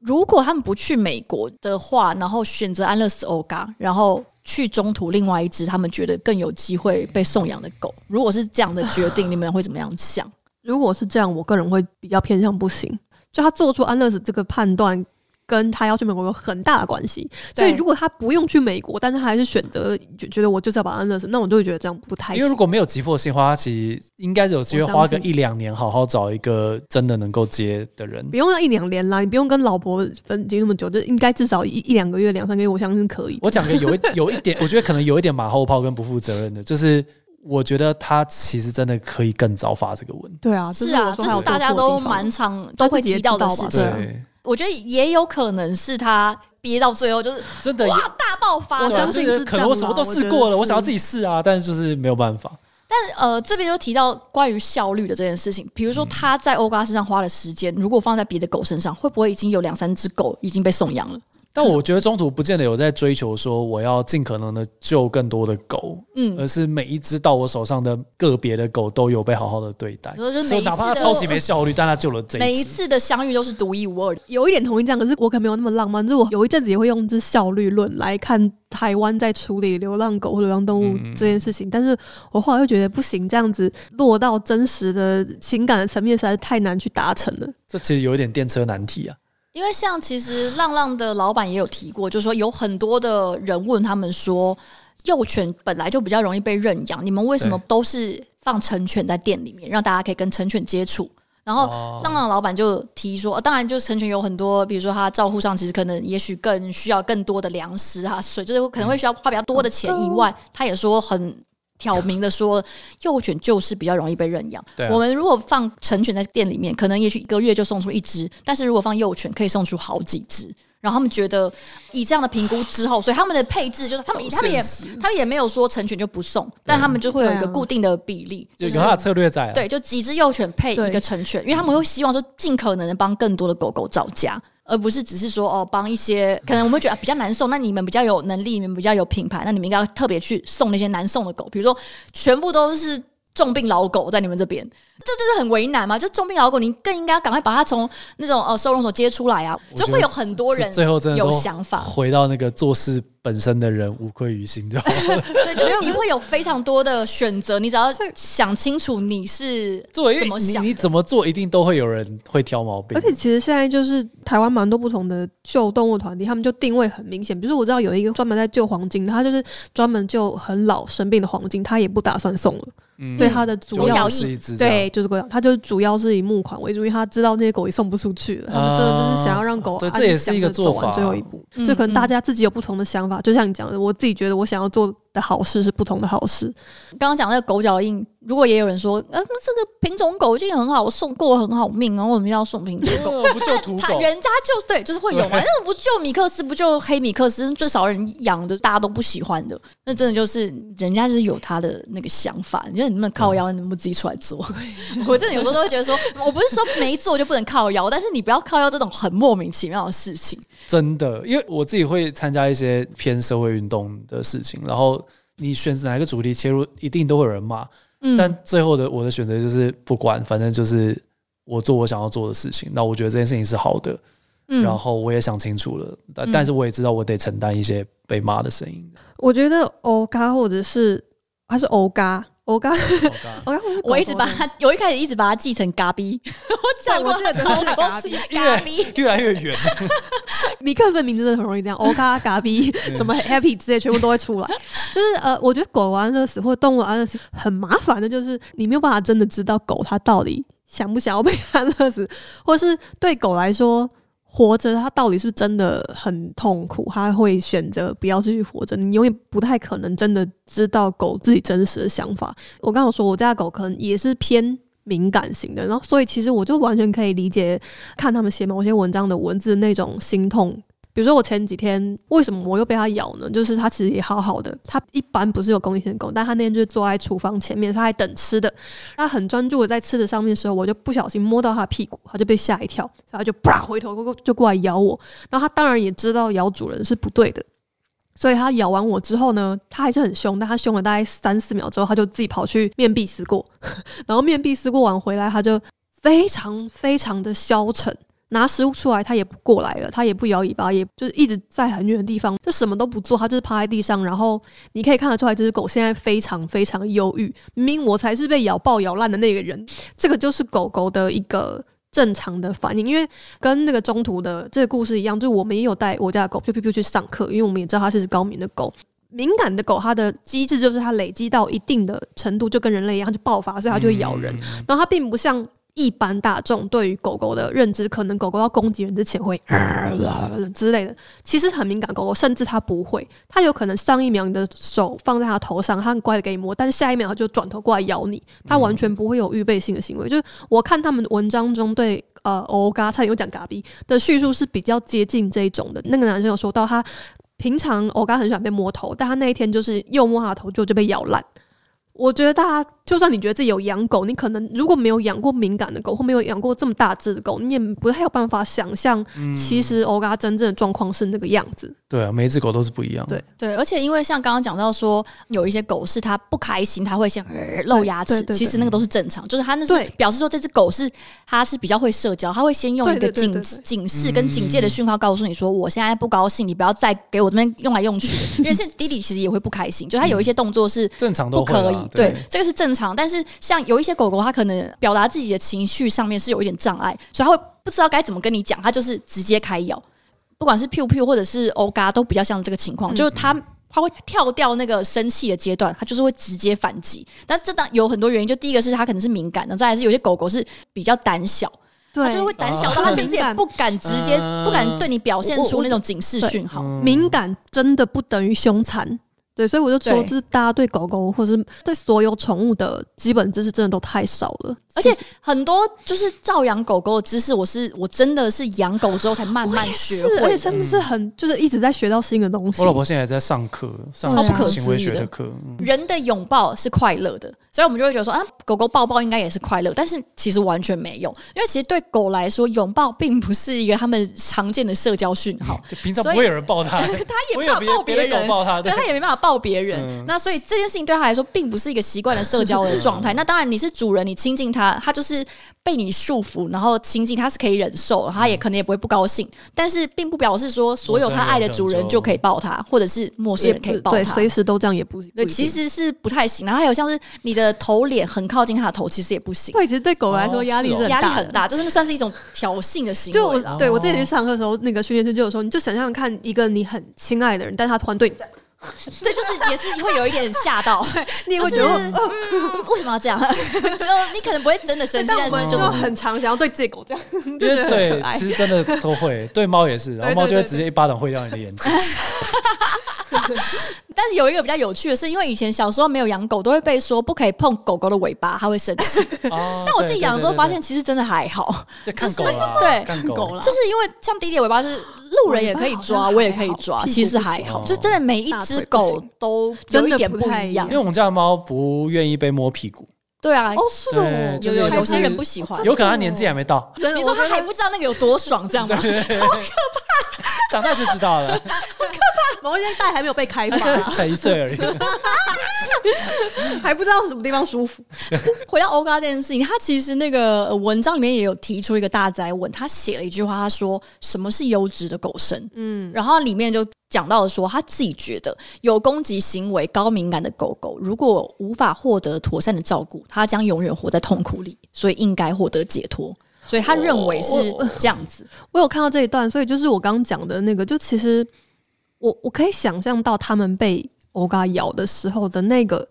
如果他們不去美國的話，然後選擇安樂死歐嘎，然後去中途另外一隻他們覺得更有機會被送養的狗，如果是這樣的決定， 你們會怎麼樣想？如果是這樣，我個人會比較偏向不行。就他做出安樂死這個判斷。跟他要去美國有很大的關係，所以如果他不用去美國，但是他還是選擇覺，覺得我就是要把他安樂死，那我就會覺得這樣不太好。因為如果沒有急迫性的話，花其實應該是有機會花個一兩年，好好找一個真的能夠接的人，不用要一兩年啦，你不用跟老婆分居那麼久，就應該至少一一兩個月、兩三個月，我相信可以。我講個有一有一點， 我覺得可能有一點馬後炮跟不負責任的，就是我覺得他其實真的可以更早發這個文。對啊，是啊，這是大家都蠻常都會提到的對吧？對。我覺得也有可能是他憋到最後就是真的哇大爆發我，我相信可能我什麼都試過了，我，我想要自己試啊，但是就是沒有辦法。但呃，這邊又提到關於效率的這件事情，比如說他在歐嘎身上花的時間，嗯、如果放在別的狗身上，會不會已經有兩三隻狗已經被送養了？但我覺得中途不見得有在追求說我要盡可能的救更多的狗，嗯，而是每一只到我手上的個別的狗都有被好好的對待，所以哪怕他超級沒效率，但他救了這一次。每一次的相遇都是獨一無二的，有一點同意這樣，可是我可沒有那麼浪漫。如果有一陣子也會用這效率論來看台灣在處理流浪狗或流浪動物這件事情，嗯，但是我後來又覺得不行，這樣子落到真實的情感的層面實在是太難去達成了。這其實有一點電車難題啊。因為像其實浪浪的老闆也有提過，就是說有很多的人問他們說，幼犬本來就比較容易被認養，你們為什麼都是放成犬在店裡面，讓大家可以跟成犬接觸？然後浪浪的老闆就提說，當然就是成犬有很多，比如說他照顧上其實可能也許更需要更多的糧食哈、啊，水就是可能會需要花比較多的錢以外，他也說很。挑明的說，幼犬就是比較容易被認養。對啊，我們如果放成犬在店裡面，可能也許一個月就送出一隻；但是如果放幼犬，可以送出好幾隻。然後他們覺得以這樣的評估之後，所以他們的配置就是他們他們也他們也沒有說成犬就不送，但他們就會有一個固定的比例，有它的策略在啊。對，就幾隻幼犬配一個成犬，對因為他們會希望說盡可能能幫更多的狗狗找家。而不是只是說哦，幫一些可能我們會覺得，啊，比較難送，那你們比較有能力，你們比較有品牌，那你們應該要特別去送那些難送的狗，比如說全部都是。重病老狗，在你們這邊，這就是很為難嘛。就重病老狗，您更應該趕快把它從那種呃、哦、收容所接出來啊。我覺得就會有很多人有想法，最後真的有想法，回到那個做事本身的人無愧於心，對吧？ 對，就是你會有非常多的選擇，你只要想清楚你是做怎麼想你，你怎麼做一定都會有人會挑毛病。而且其實現在就是台灣蠻多不同的救動物團體，他們就定位很明顯。比如說我知道有一個專門在救黃金，他就是專門救很老生病的黃金，他也不打算送了。嗯、所以他的主要就是一對，對，就是樣，他就主要是以募款為主，因為他知道那些狗也送不出去了，啊、他們真的就是想要讓狗。對，這也是一個做法、啊、走完最後一步，嗯、就可能大家自己有不同的想法。嗯、就像你講的，我自己覺得我想要做的好事是不同的好事。剛剛講那個狗腳印，如果也有人說，啊，那這個品種狗一定很好，送過很好命啊，為什麼要送品種狗？嗯、 不就土狗，人家就對，就是會有。嘛。對。那種不救米克斯，不救黑米克斯，最少人養的，大家都不喜歡的。那真的就是人家就是有他的那個想法。因、就、為、是、你能不能靠腰，你能不能自己出來做？嗯、我真的有時候都會覺得說， 我不是說沒做就不能靠腰，但是你不要靠腰這種很莫名其妙的事情。真的，因為我自己會參加一些偏社會運動的事情，然後。你選哪個主題切入，一定都會有人罵。嗯、但最後的我的選擇就是不管，反正就是我做我想要做的事情。那我覺得這件事情是好的，嗯、然後我也想清楚了，但、嗯、但是我也知道我得承擔一些被罵的聲音。我覺得歐嘎或者是還是歐嘎。我剛，我剛，我一直把它，我一開始一直把它記成嘎咪，我講過這個超難，嘎咪越來越遠。米克斯的名字真的很容易這樣歐嘎，嘎咪，什麼 happy 之類，全部都會出來。就是呃，我覺得狗安樂死或者動物安樂死很麻煩的，就是你沒有辦法真的知道狗它到底想不想要被安樂死，或是對狗來說。活着，它到底是不是真的很痛苦？它會選擇不要繼續活着？你永遠不太可能真的知道狗自己真實的想法。我剛好說，我家的狗可能也是偏敏感型的，然後所以其實我就完全可以理解，看他們寫某些文章的文字的那種心痛。比如說，我前幾天為什麼我又被它咬呢？就是它其實也好好的，它一般不是有攻擊性攻，但它那天就是坐在廚房前面，它在等吃的，它很專注的在吃的上面的時候，我就不小心摸到它屁股，它就被嚇一跳，然後就啪回頭就就過來咬我。然後它當然也知道咬主人是不對的，所以它咬完我之後呢，它還是很凶，但它凶了大概三四秒之後，它就自己跑去面壁思過，然後面壁思過完回來，它就非常非常的消沉。拿食物出來，它也不過來了，它也不搖尾巴，也就是一直在很遠的地方，就什麼都不做，它就是趴在地上。然後你可以看得出來，這隻狗現在非常非常憂鬱。明明我才是被咬爆咬爛的那個人，這個就是狗狗的一個正常的反應。因為跟那個中途的這個故事一樣，就是我們也有帶我家的狗去去去上課，因為我們也知道它是隻高敏的狗，敏感的狗，它的機制就是它累積到一定的程度，就跟人類一樣它就爆發，所以它就會咬人。嗯、然後它並不像。一般大眾對於狗狗的認知，可能狗狗要攻擊人之前會啊、呃呃呃呃、之類的，其實很敏感。狗狗甚至它不會，它有可能上一秒你的手放在它頭上，它很乖的給你摸，但是下一秒就轉頭過來咬你，它完全不會有預備性的行為。嗯、就是我看他們文章中對呃歐嘎差點又講嘎比的敘述是比較接近這一種的。那個男生有說到，他平常歐嘎很喜歡被摸頭，但他那一天就是又摸他頭，就就被咬爛。我覺得大家。就算你覺得自己有養狗，你可能如果沒有養過敏感的狗，或沒有養過這麼大隻的狗，你也不太有辦法想象其實歐嘎真正的狀況是那個樣子。嗯、對啊，每一隻狗都是不一樣的。對對，而且因為像剛剛講到說，有一些狗是它不開心，它會先露牙齒，對對對，其實那個都是正常，嗯、就是它那是表示說這隻狗是它是比較會社交，它會先用一個警對對對對，警示跟警戒的訊號告訴你說，我現在不高興，你不要再給我這邊用來用去。 因為現在弟弟其實也會不開心，就它有一些動作是不正常都可以、啊，對，對，這個是正。但是像有一些狗狗，它可能表達自己的情緒上面是有一點障礙，所以它會不知道該怎麼跟你講，它就是直接開咬，不管是 PUP 或者是歐嘎都比較像這個情況，嗯、就是它它會跳掉那個生氣的階段，它就是會直接反擊。但這當有很多原因，就第一個是它可能是敏感的，然後再來是有些狗狗是比較膽小，它對就會膽小到它甚至也不敢直接，嗯、不敢對你表現出那種警示訊號。嗯、敏感真的不等於凶殘。對，所以我就說，就是大家對狗狗，或者是對所有寵物的基本知識，真的都太少了。而且很多就是照養狗狗的知識，我是我真的是養狗之後才慢慢學，是，我也真的是很就是一直在學到新的東西。我老婆現在在上課，上超不可行為學的課。人的擁抱是快樂的，所以我們就會覺得說啊，狗狗抱抱應該也是快樂，但是其實完全沒用，因為其實對狗來說，擁抱並不是一個他們常見的社交訊號。平常不會有人抱它，它也抱別的狗擁抱它，它也沒辦法抱，抱別人，嗯、那所以這件事情對他來說並不是一個習慣的社交的狀態。嗯、那當然你是主人，你親近他，他就是被你束縛，然後親近他是可以忍受，他也可能也不會不高興。嗯、但是並不表示說所有他愛的主人就可以抱他，或者是陌生人可以抱他，隨對時都這樣也不行，其實是不太行。然後還有像是你的頭臉很靠近他的頭，其實也不行。對，其實對狗來說壓力壓、哦哦、力很大，就是那算是一種挑釁的行為。就我對、哦、我自己去上課的時候，那個訓練生就有說，你就想象看一個你很親愛的人，但他突然對你在。 對，就是也是會有一點嚇到， 你會覺得為什麼要這樣？ 就你可能不會真的生氣，但就是就很常想要對自己狗這樣，對對、嗯、 對，其實真的都會對貓也是，然後貓就會直接一巴掌毀掉你的眼睛。但是有一個比較有趣的是，因為以前小時候沒有養狗，都會被說不可以碰狗狗的尾巴，它會生氣。但我自己養的時候發現，其實真的還好。看狗了，對，看狗了，就是因為像弟弟尾巴是路人也可以抓，我也可以抓，其實還好。就真的每一只狗都有一點不太一樣。因為我們家的貓不願意被摸屁股。對啊，哦是哦，就有些人不喜歡，有可能他年紀還沒到。你說他還不知道那個有多爽，這樣嗎？長大就知道了， 可怕！我們在帶還沒有被開發，啊，才一歲而已， 還不知道什麼地方舒服。 回到歐嘎這件事情，他其實那個文章裡面也有提出一個大哉問，他寫了一句話，他說什麼是優質的狗生？嗯，然後裡面就講到了說，他自己覺得有攻擊行為、高敏感的狗狗，如果無法獲得妥善的照顧，它將永遠活在痛苦裡，所以應該獲得解脫。所以他認為是這樣子。哦，我我，我有看到這一段，所以就是我剛剛講的那個，就其實我我可以想象到他們被歐嘎咬的時候的那個，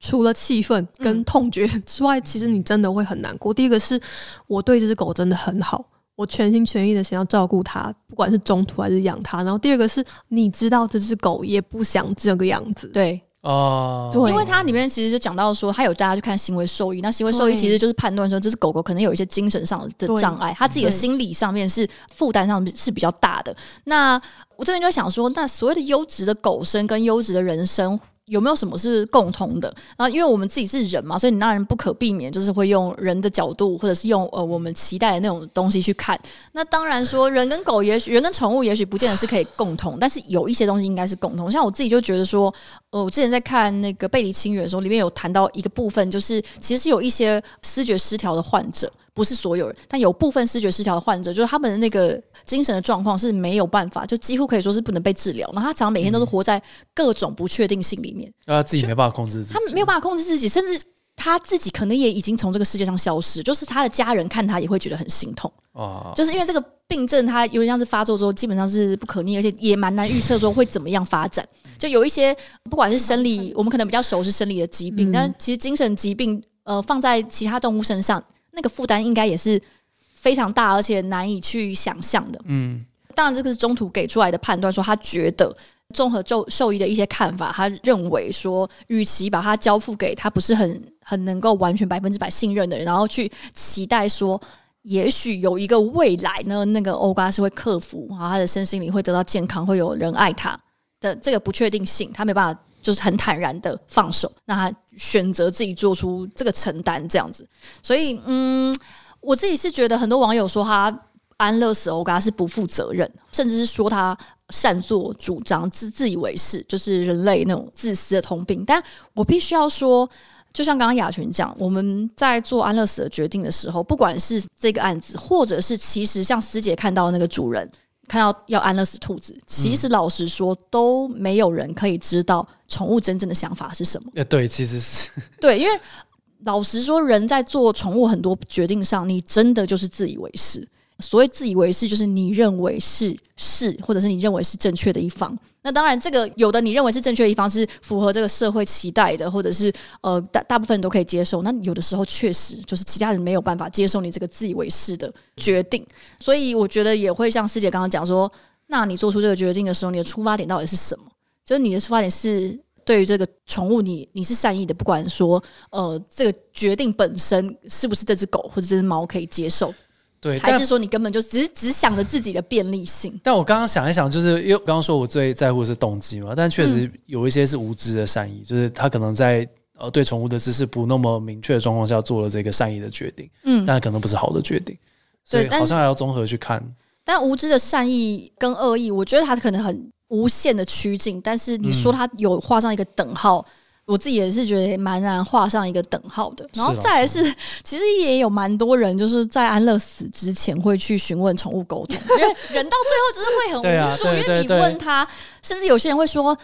除了氣憤跟痛覺之外，嗯、其實你真的會很難過。第一個是我對這隻狗真的很好，我全心全意的想要照顧它，不管是中途還是養它。然後第二個是你知道這隻狗也不想這個樣子，對。哦，對，uh, 因為它裡面其實就講到說，它有帶大家去看行為獸醫，對那行為獸醫其實就是判斷說，這隻狗狗可能有一些精神上的障礙，它對自己的心理上面是負擔上是比較大的。那我這邊就想說，那所謂的優質的狗生跟優質的人生。有沒有什麼是共通的？然、啊、後，因為我們自己是人嘛，所以你當然不可避免就是會用人的角度，或者是用呃我們期待的那種東西去看。那當然說，人跟狗也許，人跟寵物也許不見得是可以共通，但是有一些東西應該是共通。像我自己就覺得說，呃，我之前在看那個《背離親緣》的時候，裡面有談到一個部分，就是其實是有一些思覺失調的患者。不是所有人，但有部分思覺失調的患者，就是他們的那個精神的狀況是沒有辦法，就幾乎可以說是不能被治療。然後他常，常每天都是活在各種不確定性裡面，他、嗯啊、自己沒辦法控制自己，他們沒有辦法控制自己，甚至他自己可能也已經從這個世界上消失。就是他的家人看他也會覺得很心痛，哦，就是因為這個病症，他有點像是發作之後基本上是不可逆，而且也蠻難預測說會怎麼樣發展。嗯，就有一些不管是生理，看我們可能比較熟是生理的疾病，嗯，但其實精神疾病，呃，放在其他動物身上。那個負擔應該也是非常大，而且難以去想象的。嗯，當然這個是中途給出來的判斷，說他覺得綜合獸獸醫的一些看法，他認為說，與其把它交付給他不是很很能夠完全百分之百信任的人，然後去期待說，也許有一個未來呢，那個歐嘎是會克服啊，然後他的身心靈會得到健康，會有人愛他的這個不確定性，他沒辦法。就是很坦然的放手，讓他選擇自己做出這個承擔這樣子。所以，嗯，我自己是覺得很多網友說他安樂死歐嘎是不負責任，甚至是說他擅作主張、自自以為是，就是人類那種自私的通病。但我必須要說，就像剛剛雅群講，我們在做安樂死的決定的時候，不管是這個案子，或者是其實像思傑看到的那個主人。看到要安樂死兔子，嗯、其實老實說都沒有人可以知道寵物真正的想法是什麼。啊、對，其實是對，因為老實說，人在做寵物很多決定上，你真的就是自以為是。所謂自以為是，就是你認為是是，或者是你認為是正確的一方。那當然，這個有的你認為是正確的一方是符合這個社會期待的，或者是呃大大部分人都可以接受。那有的時候確實就是其他人沒有辦法接受你這個自以為是的決定。所以我覺得也會像思傑剛剛講說，那你做出這個決定的時候，你的出發點到底是什麼？就是你的出發點是對於這個寵物你，你你是善意的，不管說呃這個決定本身是不是這只狗或者這只貓可以接受。對，還是說你根本就只只想着自己的便利性？但我剛剛想一想，就是因為剛剛說我最在乎的是動機嘛，但確實有一些是無知的善意，嗯、就是他可能在呃對寵物的知識不那麼明確的狀況下做了這個善意的決定，嗯，但可能不是好的決定，所以好像還要綜合去看但。但無知的善意跟惡意，我覺得它可能很無限的趨近，嗯、但是你說它有畫上一個等號。我自己也是覺得蠻難畫上一個等號的，然後再來是，其實也有蠻多人就是在安樂死之前會去詢問寵物溝通，因為人到最後就是會很無助，因為你問他，甚至有些人會說。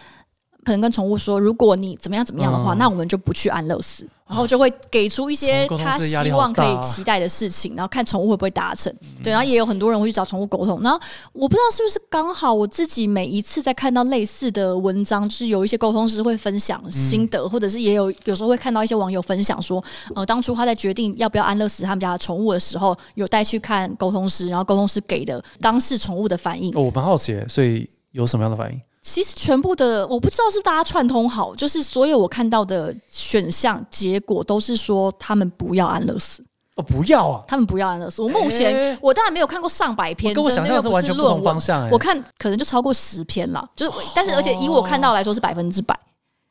可能跟寵物說，如果你怎麼樣怎麼樣的話，嗯、那我們就不去安樂死，然後就會給出一些他希望可以期待的事情，然後看寵物會不會達成。嗯、對，然後也有很多人會去找寵物溝通。然後我不知道是不是剛好我自己每一次在看到類似的文章，就是有一些溝通師會分享心得，嗯、或者是也有有時候會看到一些網友分享說，呃，當初他在決定要不要安樂死他們家的寵物的時候，有帶去看溝通師，然後溝通師給的當事寵物的反應。哦，我蠻好奇，所以有什麼樣的反應？其實全部的我不知道是大家串通好，就是所有我看到的選項結果都是說他們不要安樂死哦，不要啊，他們不要安樂死。我目前、欸，我當然沒有看過上百篇，我跟我想象的是，是完全不同方向，欸我。我看可能就超過十篇了，就是但是而且以我看到來說是百分之百，哦，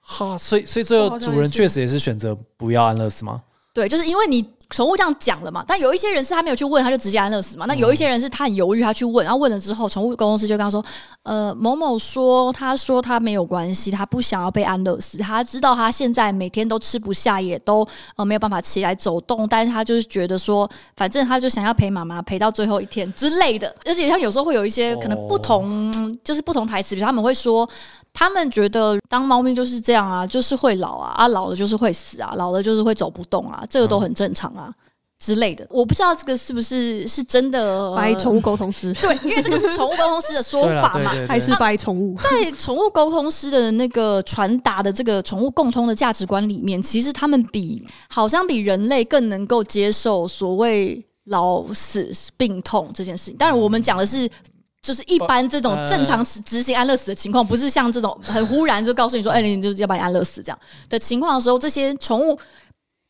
哈，所以所以最後主人確實也是選擇不要安樂死嗎？對，就是因為你。寵物這樣講了嘛？但有一些人是他沒有去問，他就直接安樂死嘛。那有一些人是他很猶豫，他去問，然後問了之後，寵物公司就跟他說：“呃，某某說，他說他沒有關係，他不想要被安樂死，他知道他現在每天都吃不下，也都呃沒有辦法起來走動，但是他就是覺得說，反正他就想要陪媽媽陪到最後一天之類的。而且他有時候會有一些可能不同，哦、就是不同台詞，比如他們會說，他們覺得當貓咪就是這樣啊，就是會老啊，啊老了就是會死啊，老了就是會走不動啊，這個都很正常。嗯”啊之類的，我不知道這個是不是是真的。白寵物溝通師 對，因為這個是寵物溝通師的說法嘛，還是白寵物？對對對對，在寵物溝通師的那個傳達的這個寵物共通的價值觀裡面，其實他們比好像比人類更能夠接受所謂老死病痛這件事情。當然，我們講的是就是一般這種正常執行安樂死的情況，不是像這種很忽然就告訴你說，哎、 欸，你就是要把你安樂死這樣的情況的時候，這些寵物。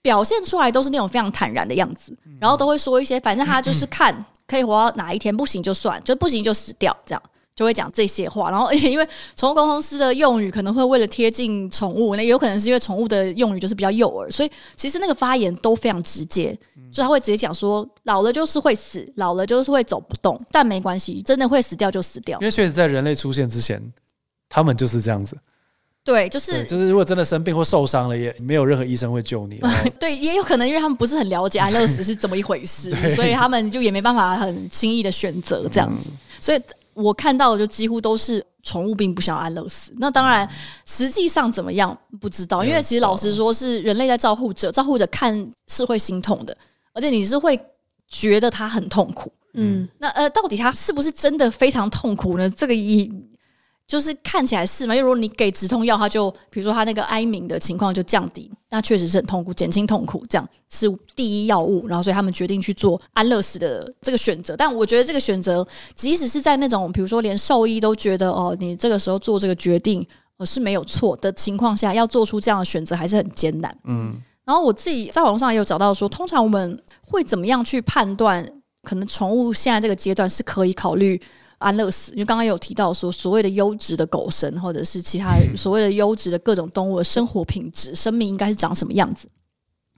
表現出來都是那種非常坦然的樣子，然後都會說一些，反正他就是看可以活到哪一天，不行就算，嗯嗯、就不行就死掉，這樣就會講這些話。然後，因為寵物溝通師的用語可能會為了貼近寵物，那有可能是因為寵物的用語就是比較幼兒，所以其實那個發言都非常直接，就他會直接講說，老了就是會死，老了就是會走不動，但沒關係，真的會死掉就死掉。因為確實，在人類出現之前，他們就是這樣子。對，就是就是，如果真的生病或受傷了，也沒有任何醫生會救你。 對，也有可能，因為他們不是很了解安樂死是怎麼一回事， 對所以他們就也沒辦法很輕易的選擇這樣子。嗯、所以我看到的就幾乎都是寵物並不想要安樂死。那當然，實際上怎麼樣不知道，因為其實老實說，是人類在照護者，照顧者看是會心痛的，而且你是會覺得他很痛苦。嗯，嗯那呃，到底他是不是真的非常痛苦呢？這個一。就是看起來是嘛，因為如果你給止痛藥，它就比如說它那個哀鳴的情況就降低，那確實是很痛苦，減輕痛苦，這樣是第一要務。然後所以他們決定去做安樂死的這個選擇。但我覺得這個選擇，即使是在那種比如說連獸醫都覺得哦、呃，你這個時候做這個決定呃是沒有錯的情況下，要做出這樣的選擇還是很艱難。嗯，然後我自己在網上也有找到說，通常我們會怎麼樣去判斷，可能寵物現在這個階段是可以考慮。安樂死，因為剛剛有提到說，所謂的優質的狗生，或者是其他所謂的優質的各種動物的生活品質， 生命應該是長什麼樣子？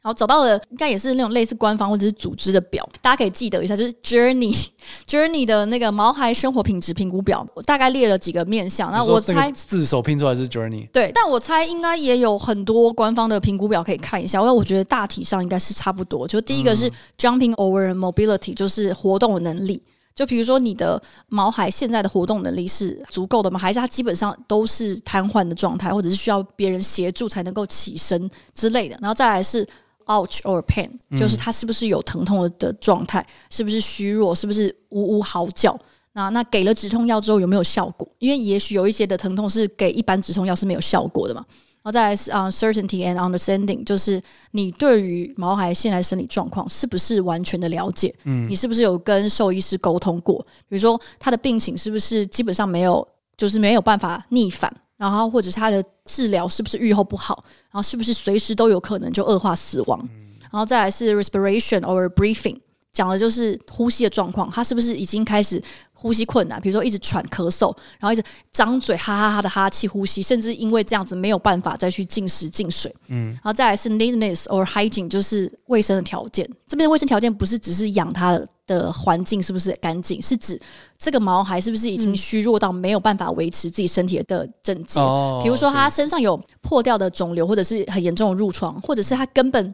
好，找到了，應該也是那種類似官方或者是組織的表，大家可以記得一下，就是 Journey Journey 的那個毛孩生活品質評估表，我大概列了幾個面向，你說 那我猜自首拼出來是 Journey，對，但我猜應該也有很多官方的評估表可以看一下，因為我覺得大體上應該是差不多。就第一個是 Jumping over mobility，、嗯、就是活動的能力。就比如說，你的毛孩現在的活動能力是足夠的嗎？還是他基本上都是癱瘓的狀態，或者是需要別人協助才能夠起身之類的？然後再來是 ouch or pain，嗯，就是他是不是有疼痛的狀態？是不是虛弱？是不是嗚嗚嚎叫？那那給了止痛藥之後有沒有效果？因為也許有一些的疼痛是給一般止痛藥是沒有效果的嘛。然後再來是 uncertainty and understanding，就是你對於毛孩現在生理狀況是不是完全的了解？嗯、你是不是有跟獸醫師溝通過？比如說他的病情是不是基本上沒有，就是沒有辦法逆反，然後或者是他的治療是不是預後不好，然後是不是隨時都有可能就惡化死亡？嗯、然後再來是 respiration or briefing 講的就是呼吸的狀況，他是不是已經開始呼吸困難？比如說一直喘、咳嗽，然後一直張嘴哈哈哈哈的哈氣呼吸，甚至因為這樣子沒有辦法再去進食、進水。嗯，然後再來是 cleanliness or hygiene，就是衛生的條件。這邊的衛生條件不是只是養他的環境是不是乾淨，是指這個毛孩是不是已經虛弱到沒有辦法維持自己身體的整潔？哦、嗯，比如說他身上有破掉的腫瘤，或者是很嚴重的褥瘡，或者是他根本。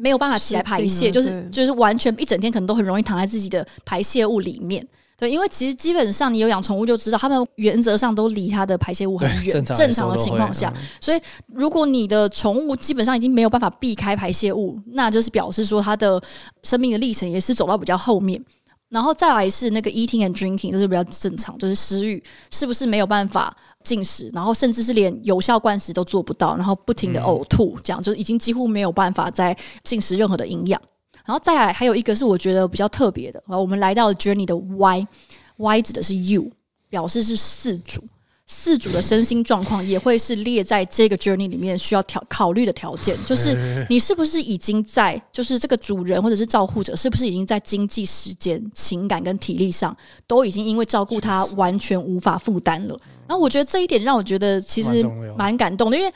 沒有辦法起來排泄，是就是就是完全一整天可能都很容易躺在自己的排泄物裡面。對，因為其實基本上你有養寵物就知道，它們原則上都離它的排泄物很遠。正常，正常的情況下，嗯，所以如果你的寵物基本上已經沒有辦法避開排泄物，那就是表示說它的生命的歷程也是走到比較後面。然後再來是那個 eating and drinking，就是比較正常，就是食欲是不是沒有辦法進食，然後甚至是連有效灌食都做不到，然後不停的嘔吐，這樣就已經幾乎沒有辦法再進食任何的營養。然後再來還有一個是我覺得比較特別的，然後我們來到了 journey 的 y，y 指的是 you，表示是飼主。飼主的身心狀況也會是列在這個 journey 裡面需要考慮的條件，就是你是不是已經在，就是這個主人或者是照護者，是不是已經在經濟、時間、情感跟體力上都已經因為照顧他完全無法負擔了？然後我覺得這一點讓我覺得其實蠻感動的，因為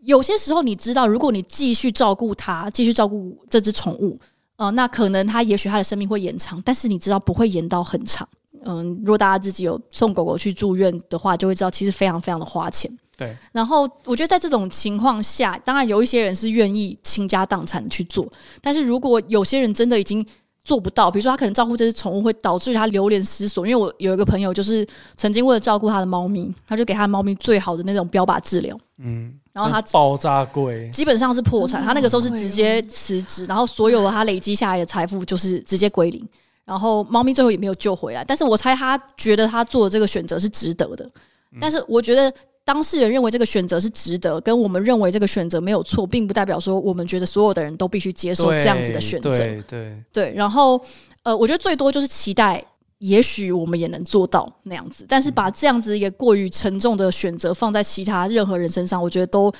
有些時候你知道，如果你繼續照顧他，繼續照顧這隻寵物嗯、呃，那可能他也許他的生命會延長，但是你知道不會延到很長。嗯，如果大家自己有送狗狗去住院的話，就會知道其實非常非常的花錢。對。然後我覺得在這種情況下，當然有一些人是願意傾家蕩產去做，但是如果有些人真的已經做不到，比如說他可能照顧這隻寵物會導致他流離失所。因為我有一個朋友，就是曾經為了照顧他的貓咪，他就給他的貓咪最好的那種標靶治療。嗯。然後他爆炸貴，基本上是破產。嗯，他那個時候是直接辭職，嗯嗯，然後所有的他累積下來的財富就是直接歸零。然後貓咪最後也沒有救回來，但是我猜他覺得他做的這個選擇是值得的。嗯、但是我覺得當事人認為這個選擇是值得，跟我們認為這個選擇沒有錯，並不代表說我們覺得所有的人都必須接受這樣子的選擇。對對對。然後呃，我覺得最多就是期待，也許我們也能做到那樣子。但是把這樣子也過於沉重的選擇放在其他任何人身上，我覺得都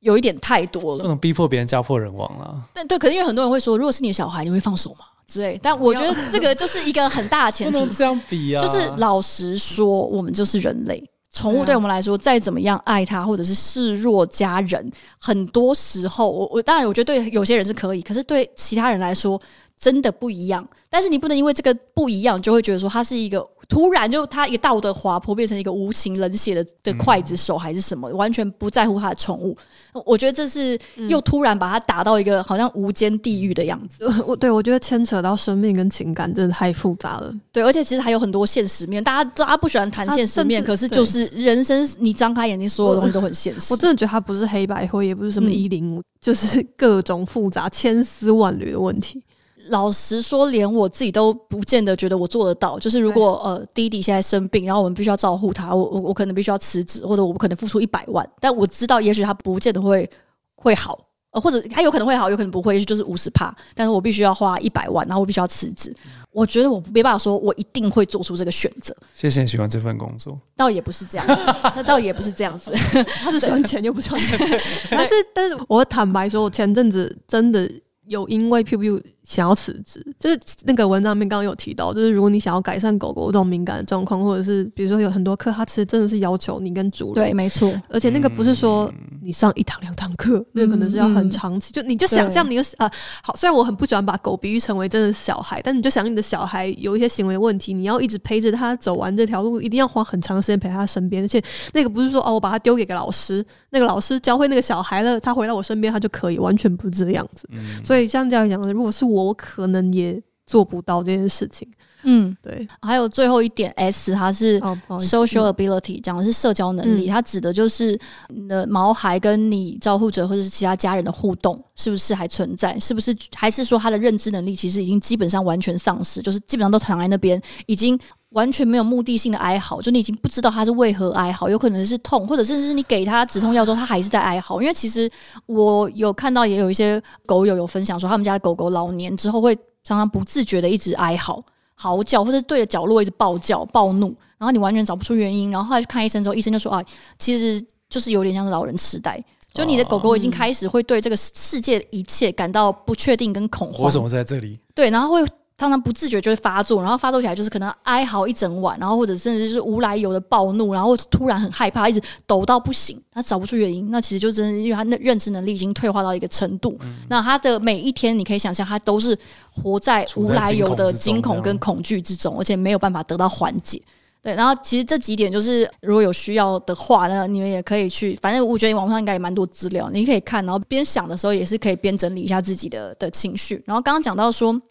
有一點太多了。不能逼迫別人家破人亡了，啊。但對，可定因為很多人會說，如果是你的小孩，你會放手嗎？對，但我覺得這個就是一個很大的前提，不能這樣比啊！就是老實說，我們就是人類，寵物對我們來說、啊、再怎麼樣愛它，或者是視若家人，很多時候，我我當然我覺得對有些人是可以，可是對其他人來說。真的不一樣，但是你不能因為這個不一樣，就會覺得說他是一個突然就他一個道德滑坡，變成一個無情冷血的的劊子手還是什麼，嗯、完全不在乎他的寵物。我覺得這是又突然把他打到一個好像無間地獄的樣子。我、嗯嗯、對我覺得牽扯到生命跟情感，真的太複雜了。對，而且其實還有很多現實面，大家大家不喜歡談現實面，可是就是人生，對你張開眼睛，所有的東西都很現實。我，我真的覺得它不是黑白灰，也不是什麼一零五，就是各種複雜、千絲萬縷的問題。老實說，連我自己都不見得覺得我做得到，就是如果呃弟弟現在生病，然後我們必須要照顧他，我我我可能必須要辭職，或者我不可能付出一百萬。但我知道，也許他不見得會會好，呃，或者他有可能會好，有可能不會，就是五十趴。但是我必須要花一百萬，然後我必須要辭職。我覺得我沒辦法說，我一定會做出這個選擇。謝謝你喜歡這份工作，倒也不是這樣， 他倒也不是這樣子， 他是喜歡錢又不喜歡錢，對 但是但是我坦白說，我前陣子真的。有因為 p u b 想要辭職，就是那個文章裡面剛剛有提到，就是如果你想要改善狗狗這種敏感的狀況，或者是比如說有很多課，它其實真的是要求你跟主人對，沒錯。而且那個不是說你上一堂兩堂課，那、嗯、可能是要很長期。嗯、就你就想象你的對啊，好，雖然我很不喜歡把狗比喻成為真的小孩，但你就想你的小孩有一些行為問題，你要一直陪着他走完這條路，一定要花很長時間陪在他身邊。而且那個不是說哦，我把他丟給個老師，那個老師教會那個小孩了，他回到我身邊，他就可以，完全不是這樣子。嗯、所以。所以像這樣講的，如果是我，我可能也做不到這件事情。嗯，對，還有最後一點 S，它是 social ability，、oh，講的是社交能力，嗯、它指的就是你的毛孩跟你照顧者或者是其他家人的互動，是不是還存在？是不是還是說他的認知能力其實已經基本上完全喪失，就是基本上都躺在那邊，已經完全沒有目的性的哀嚎，就你已經不知道他是為何哀嚎，有可能是痛，或者甚至是你給他止痛藥之後，他還是在哀嚎， 因為其實我有看到也有一些狗友有分享說，他們家的狗狗老年之後會常常不自覺的一直哀嚎。嚎叫，或者對着角落一直暴叫、暴怒，然後你完全找不出原因，然後後來去看醫生之後，醫生就說啊，其實就是有點像是老人痴呆，啊、就你的狗狗已經開始會對這個世界的一切感到不確定跟恐慌。為什麼在這裡？對，然後會。常常不自覺就會發作，然後發作起來就是可能哀嚎一整晚，然後或者甚至就是無來由的暴怒，然後突然很害怕，一直抖到不行，他找不出原因。那其實就真的因為他的認知能力已經退化到一個程度，嗯、那他的每一天你可以想象，他都是活在無來由的驚恐跟恐懼之中，而且沒有辦法得到緩解。對，然後其實這幾點就是，如果有需要的話呢，那你們也可以去，反正我覺得網上應該也蠻多資料，你可以看，然後邊想的時候也是可以邊整理一下自己的的情緒。然後剛剛講到說。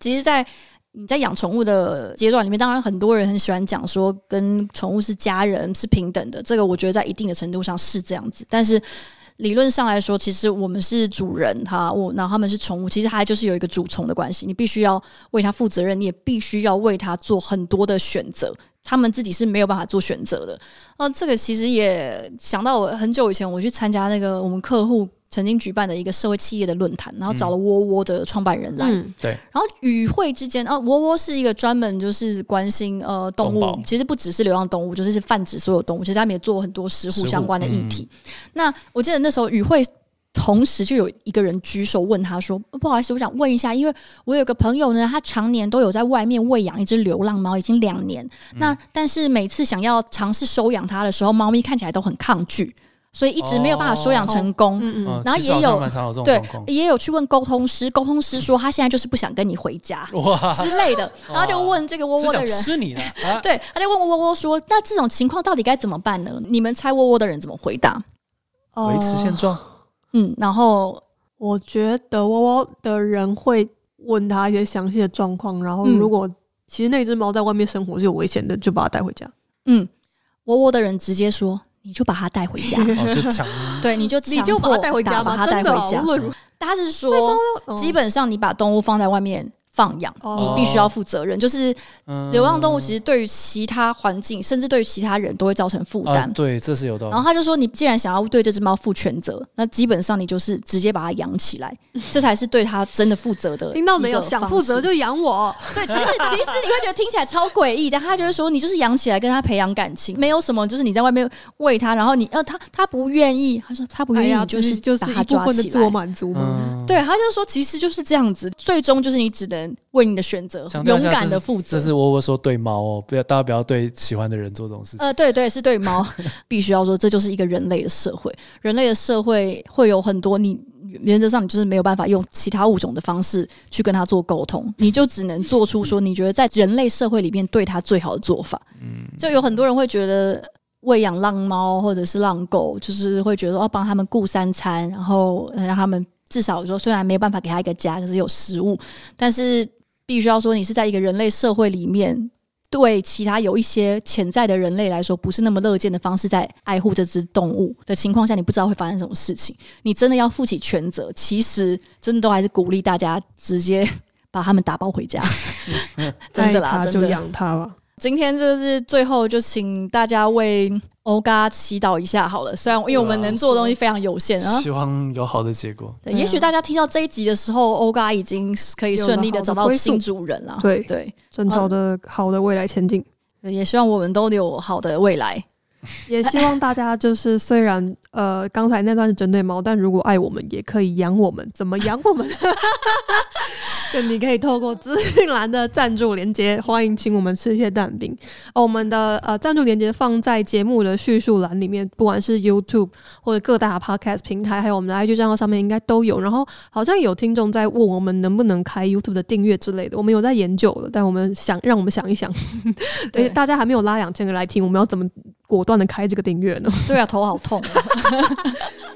其實在，在你在養寵物的階段裡面，當然很多人很喜歡講說，跟寵物是家人，是平等的。這個我覺得在一定的程度上是這樣子，但是理論上來說，其實我們是主人，他我那他們是寵物，其實他就是有一個主從的關係。你必須要為他負責任，你也必須要為他做很多的選擇。他們自己是沒有辦法做選擇的，啊、呃，這個其實也想到我很久以前我去參加那個我們客戶曾經舉辦的一個社會企業的論壇，然後找了窩窩的創辦人來，嗯、對，然後與會之間，哦、呃，窩窩是一個專門就是關心呃動物，包其實不只是流浪動物，就是泛指所有動物，其實他們也做很多食物相關的議題。嗯、那我記得那時候與會。同時就有一個人舉手問他說：“不好意思，我想問一下，因為我有個朋友呢，他常年都有在外面餵養一隻流浪貓，已經兩年。嗯、那但是每次想要嘗試收養它的時候，貓咪看起來都很抗拒，所以一直沒有辦法收養成功。然後也有，對，也有去問溝通師，溝通師說他現在就是不想跟你回家哇之類的。哇然後就問這個窩窩的人，是你的？啊、對，他就問窩窩說：那這種情況到底該怎麼辦呢？你們猜窩窩的人怎麼回答？維持現狀。”嗯，然後我覺得窩窩的人會問他一些詳細的狀況，然後如果、嗯、其實那只貓在外面生活是有危險的，就把它帶回家。嗯，窩窩的人直接說你就把它帶回家，哦、就搶 對，你就直接把它帶回，回家，把它帶回家。無論如何大家是說，嗯、基本上你把動物放在外面。放養，你必須要負責任。就是流浪動物，其實對於其他環境，甚至對於其他人都會造成負擔。對，這是有道理。然後他就說：“你既然想要對這隻貓負全責，那基本上你就是直接把它養起來，這才是對它真的負責的。”聽到沒有？想負責就養我。對，其實其實你會覺得聽起來超詭異，但他就是說，你就是養起來，跟他培養感情，沒有什麼。就是你在外面餵它，然後你要它，它不願意，他說他不願意，就是就是把它抓起來自我滿足嘛，對，他就說其實就是這樣子，最終就是你只能。為你的選擇勇敢的負責。這這是我我說對貓哦，不要大家不要對喜歡的人做這種事情。呃，對，對對，是對貓， 必須要說，這就是一個人類的社會。人類的社會會有很多，你原則上你就是沒有辦法用其他物種的方式去跟他做溝通，你就只能做出說你覺得在人類社會裡面對他最好的做法。嗯，就有很多人會覺得餵養浪貓或者是浪狗，就是會覺得哦，幫他們顧三餐，然後讓他們。至少說，雖然沒有辦法給他一個家，可是有食物。但是必須要說，你是在一個人類社會裡面，對其他有一些潛在的人類來說不是那麼樂見的方式，在愛護這隻動物的情況下，你不知道會發生什麼事情。你真的要負起全責。其實，真的都還是鼓勵大家直接把他們打包回家。 嗯、 真的啦，他就養它吧。今天就是最後，就請大家為歐嘎祈禱一下好了。雖然因為我們能做的東西非常有限啊，啊，希望有好的結果。對啊、也許大家聽到這一集的時候，歐嘎已經可以順利的找到新主人了。對對，正朝着好的未來前進、啊，也希望我們都有好的未來。也希望大家就是，雖然呃，剛才那段是針對貓，但如果愛我們，也可以養我們，怎麼養我們？ 就你可以透過資訊欄的贊助連結，歡迎請我們吃一些蛋餅。哦、呃，我們的呃贊助連結放在節目的敘述欄裡面，不管是 YouTube 或者,各大 Podcast 平台，還有我們的 IG 賬號上面應該都有。然後好像有聽眾在問我們能不能開 YouTube 的訂閱之類的，我們有在研究了，但我們想讓我們想一想，所以對大家還沒有拉兩千個來聽，我們要怎麼？果斷的開這個訂閱呢？對啊，頭好痛喔。